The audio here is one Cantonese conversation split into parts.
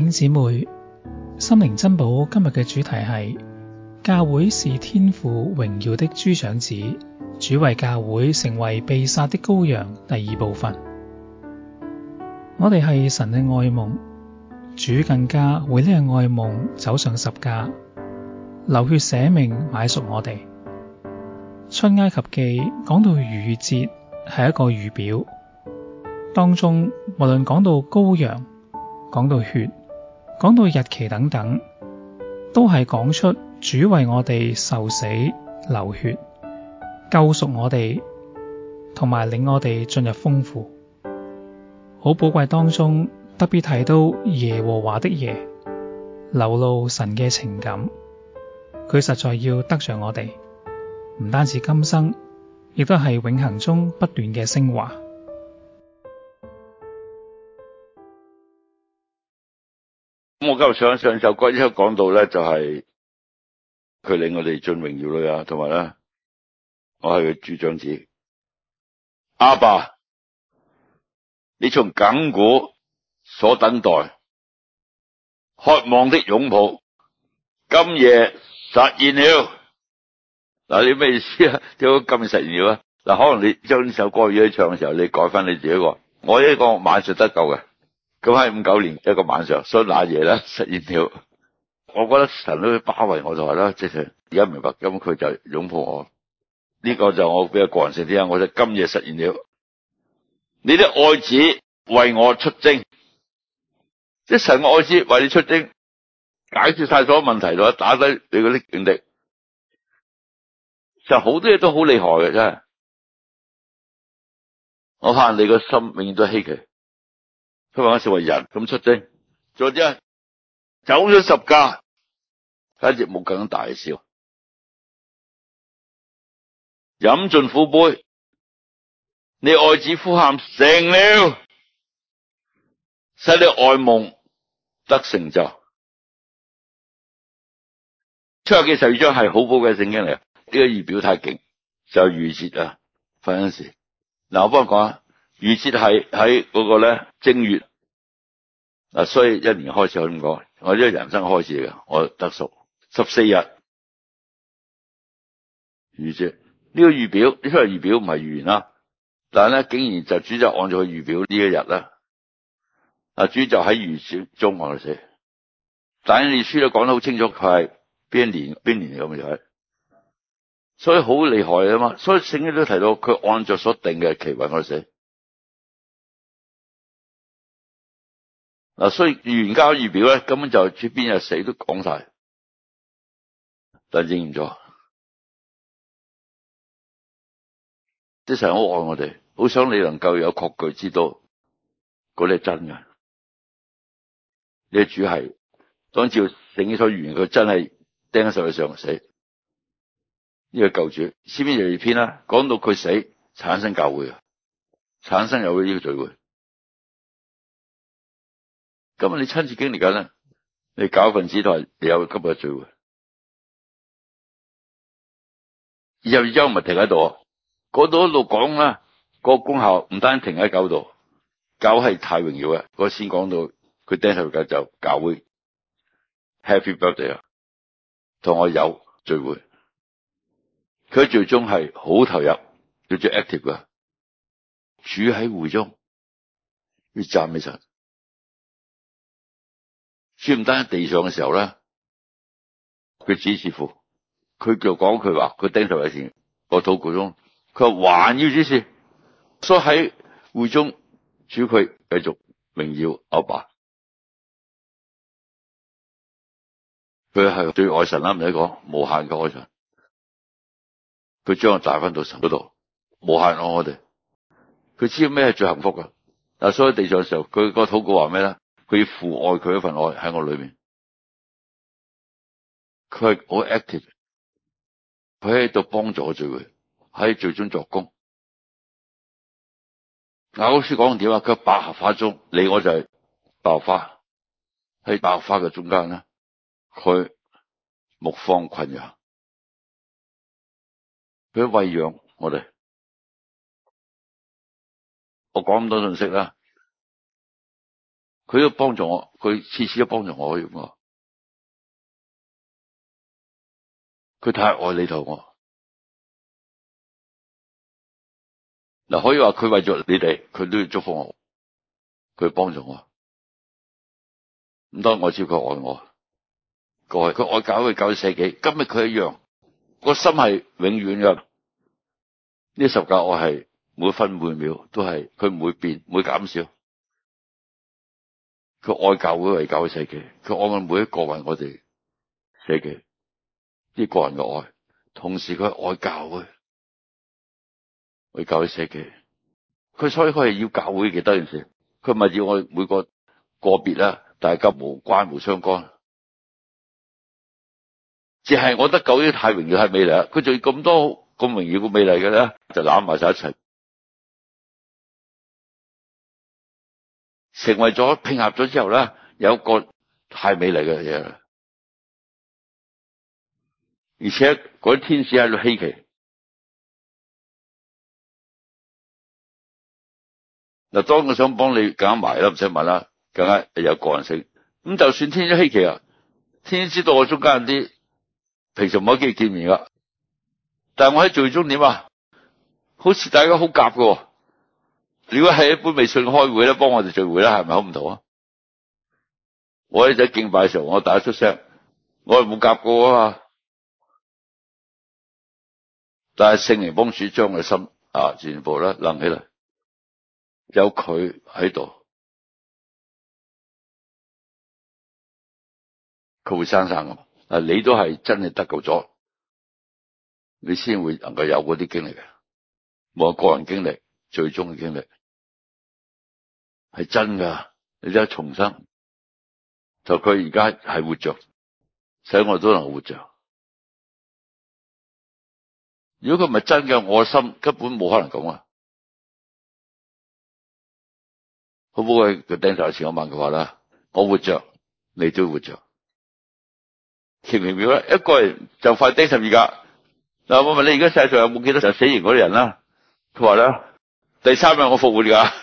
頂姊妹，心靈珍寶今日嘅主題係教會是天父榮耀的諸長子，主為教會成為被殺的羔羊。第二部分，我哋係神嘅愛夢，主更加為呢個愛夢走上十架，流血捨命買贖我哋。出埃及記講到逾越節係一個預表，當中無論講到羔羊，講到血。講到日期等等，都係講出主為我哋受死流血，救贖我哋，同埋令我哋進入豐富，好寶貴當中。特別睇到耶和華的夜，流露神嘅情感，佢實在要得着我哋，唔單止今生，亦都係永恆中不斷嘅昇華。我今日唱上首歌，一路講到咧，就係佢令我哋進榮耀裏啊，同埋咧，我係佢諸長子。阿爸，你從亙古所等待、渴望的擁抱，今夜實現了。嗱，你咩意思啊？點解咁夜實現了？嗱，可能你將呢首歌要唱嘅時候，你改翻你自己個，我呢個晚上得救嘅。咁喺五九年一個晚上，所以那夜咧，實現咗，我覺得神都包圍我，就係啦，即係而家明白，咁佢就擁抱我。呢、這個就我比較個人性啲，我就今夜實現咗，你的愛子為我出征，即係神嘅愛子為你出征，解決晒所有問題咯，打低你嗰啲敵力，就好多嘢都好厲害嘅，真係。我發現你個心永遠都希奇。出話嗰時人咁出征，再者走咗十架，簡直冇咁大笑，飲盡苦杯，你愛子呼喊成了，使你愛夢得成就。出廿幾十二章係好寶貴嘅聖經嚟，呢、這個儀表太勁，就逾越節啊！快嗰陣時，嗱我幫你講啊，逾越節係喺嗰個咧正月。嗱，所以一年開始咁講，我呢個人生開始嘅，我得數十四日預兆。呢、呢個預表，呢、呢個預表唔係預言啦，但係咧竟然就主就按住佢預表呢一日啦。啊，主就喺預兆中行嚟死。但係你啲書都講得好清楚，佢係邊一年邊年咁就係。所以好厲害啊嘛，所以聖經都提到佢按著所定嘅期運去死。所以原教預，預表咧，根本就出邊日死都講晒，但係應咗啲神好愛我哋，好想你能夠有確據知道，嗰啲係真㗎。你主係當照聖經所預言，佢真係釘喺十字架上死。呢、這個舊主先邊日篇啦，講到佢死，產生教會，產生有呢個聚會。咁你親自經歷緊啦，你搞份紙台，你有今日嘅聚會，廿二週唔係停喺度，嗰度一路講啦，個功效唔單止停喺九度，九係太榮耀嘅，我先講到佢頂頭嘅就教會 Happy Birthday，同我有聚會，佢最終係好投入，叫最，最 active 嘅，主喺會中要站起身。主唔單喺地上嘅時候咧，佢指示父，佢就講佢話，佢釘在位前，那個禱告中，佢話還要指示，所以喺會中主佢繼續榮耀阿爸，佢係對愛神啦，唔使講，無限嘅愛神，佢將我帶翻到神嗰度，無限我我哋，佢知道咩係最幸福噶，係所以喺地上嘅時候，佢個禱告話咩咧？佢父愛佢嗰份愛喺我裏面，佢係好 active，佢喺度幫助我聚會，喺最終作工。亞老師講點啊？佢百合花中，你我就係百合花，喺百合花嘅中間啦。佢牧放群羊，佢喂養我哋。我講咁多信息啦。佢都幫助我，佢次次都幫助我，咁佢太愛你同我嗱，可以話佢為咗你哋，佢都要祝福我，佢幫助我。咁當我知佢愛我，過去佢愛教佢搞咗四幾，今日佢一樣個心係永遠嘅呢十架，我係每分每秒都係，佢唔會變，唔會減少。佢愛教會為教會寫嘅，佢愛我每一個為我哋寫嘅，啲個人嘅愛。同時佢愛教會為教會寫嘅，佢所以佢係要教會嘅嗰陣時，佢咪要我每個個別啦，大家無關無相干。只係我覺得救啲太榮耀太美麗，佢仲要咁多咁榮耀嘅美麗嘅咧，就攬埋晒一齊。成為咗，拼合咗之後咧，有一個太美麗嘅嘢啦。而且啲天使喺度稀奇。嗱，當我想幫你夾埋啦，唔使問啦，更加有個人性。咁就算天使稀奇啊，天知道我中間啲平常冇機會見面噶，但係我喺最終點啊，好似大家好夾噶。如果係一般微信開會咧，幫我哋聚會咧，係咪好唔同啊？我喺度敬拜嘅時候，我大家出聲，我係冇夾過啊嘛。但係聖靈幫主將佢嘅心啊，全部咧楞起嚟，有佢喺度，佢會生生噶啊，你都係真係得救咗，你先會能夠有嗰啲經歷嘅，冇個人經歷，最終嘅經歷。係真噶，你而家重生，就佢而家係活着，使我都能活着。如果佢唔係真嘅，我心根本冇可能咁啊！好唔好，佢頂頭前我問佢話啦：，我活着，你都活着，奇妙啦！一個人就快頂十二格。嗱，我問你而家世上有冇幾多就死完嗰啲人啦？佢話啦：，第三日我復活㗎。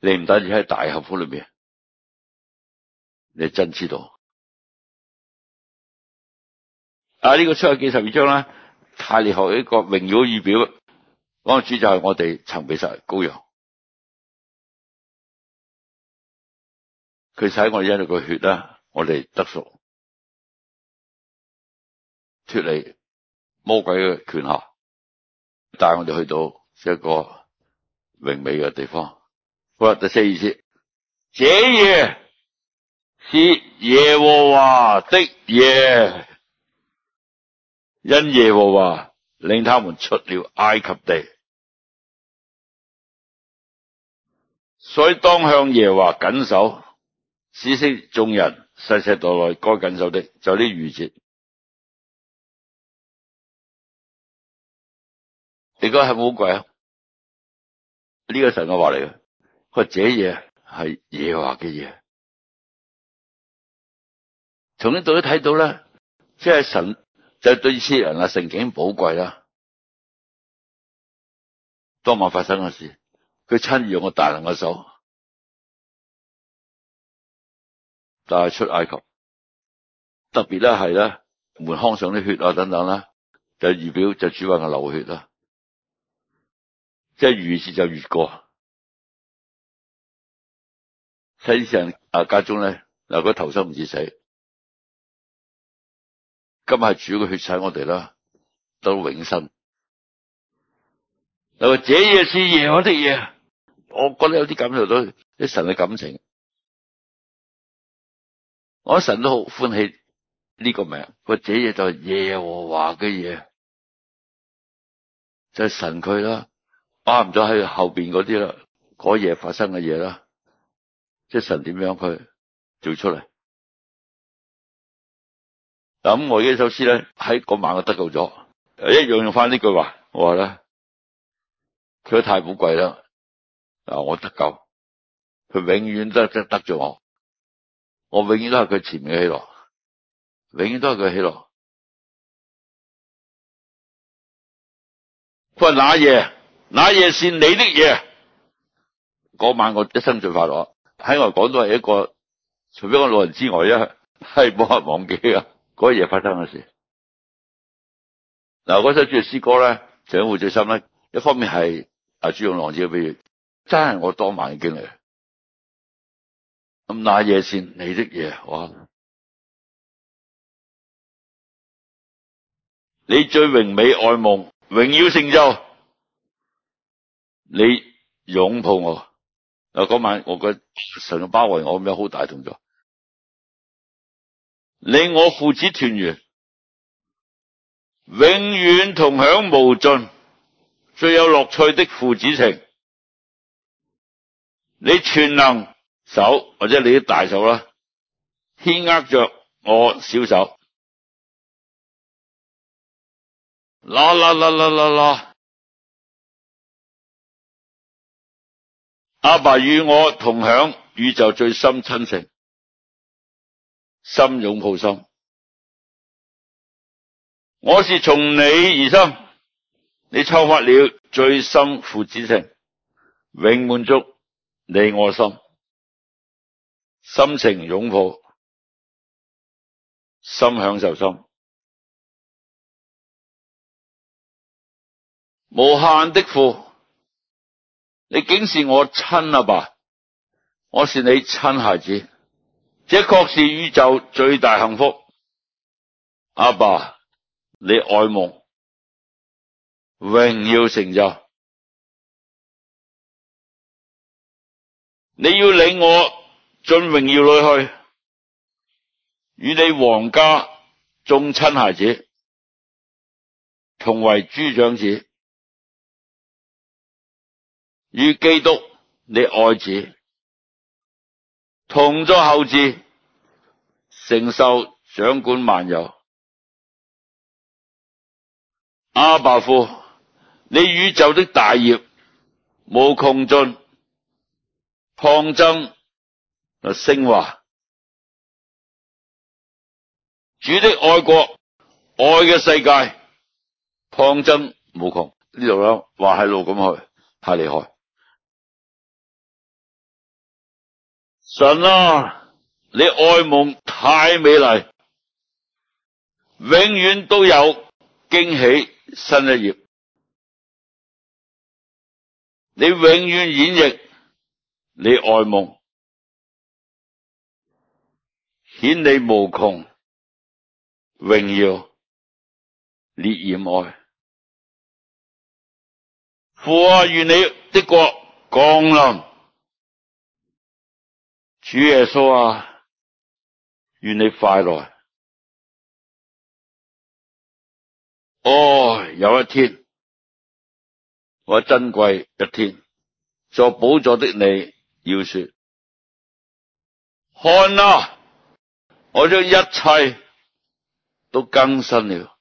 你唔等於喺大合府裏面，你真知道啊？呢個出埃及記十二章啦，太厲害一個榮耀嘅預表，嗰個主就係我哋曾被殺羔羊，佢使我哋一個血啦，我哋得贖脫離魔鬼嘅權限，帶我哋去到一個榮美嘅地方。我話第四節，這夜是耶和華的夜，因耶和華領他們出了埃及地，所以當向耶和華謹守，是以色列眾人世世代代該謹守的。就啲預節。你覺得係咪好貴啊？呢、這個神嘅話嚟嘅。或者嘢係耶和華嘅夜，從呢度都睇到呢，即係神就對先人啊，神景寶貴啦。當晚發生嘅事，佢親用我大能嘅手帶出埃及，特別咧係咧門框上啲血啊等等啦，就預表就主君嘅流血啦，即係預示就越過。世上啊家中咧嗱，佢頭生唔至死，今日主嘅血洗我哋啦，得到永生。又話，這夜是耶和華的夜，我覺得有啲感受到啲神嘅感情。我啲神都好歡喜呢個名，個這是夜就係耶和華嘅夜，就係、是、神佢啦，掛唔咗喺後邊嗰啲啦，嗰夜發生嘅嘢啦。即神點樣佢做出嚟咁，我首詩呢首詩咧喺嗰晚我得救咗，一樣用翻呢句話，我話咧佢太寶貴啦我得救，佢永遠都得得着我，我永遠都係佢前面起落，永遠都係佢起落。佢話哪夜，哪夜是你的夜？嗰晚我一生最快樂。喺我講都係一個，除咗個老人之外啊，係冇法忘記噶嗰嘢發生嘅事。嗱，嗰首主嘅詩歌咧，掌握最深咧，一方面係阿主用浪子嘅比喻：「真係我當晚嘅經歷。咁那夜先，你的夜，哇！你最榮美愛夢，榮耀成就，你擁抱我。嗰 晚我個神嘅包圍我咩好大動作，你我父子團圓，永遠同享無盡最有樂趣的父子情。你全能手或者你啲大手啦，牽握着我小手，啦啦啦啦啦啦，啦。阿爸與我同享宇宙最深親情，心擁抱心，我是從你而生，你抽發了最深父子情，永滿足你我心，心情擁抱，心享受心，無限的父。你竟是我親阿爸，我是你親孩子，這確是宇宙最大幸福。阿爸，你愛慕榮耀成就，你要領我進榮耀裏去，與你皇家眾親孩子同為諸長子。與基督，你愛子同咗後嗣承受掌管萬有。阿爸父，你宇宙的大業無窮盡，抗爭啊升華，主的愛國愛嘅世界抗爭無窮。呢度啦，話係路咁去，太厲害。神啦，啊，你愛夢太美麗，永遠都有驚喜，新一頁，你永遠演繹你愛夢，顯你無窮榮耀你焰愛父啊，願你的國降臨。主耶穌啊，願你快來！哦，有一天，我珍貴一天，作寶座的你要說，看啊，我將一切都更新了。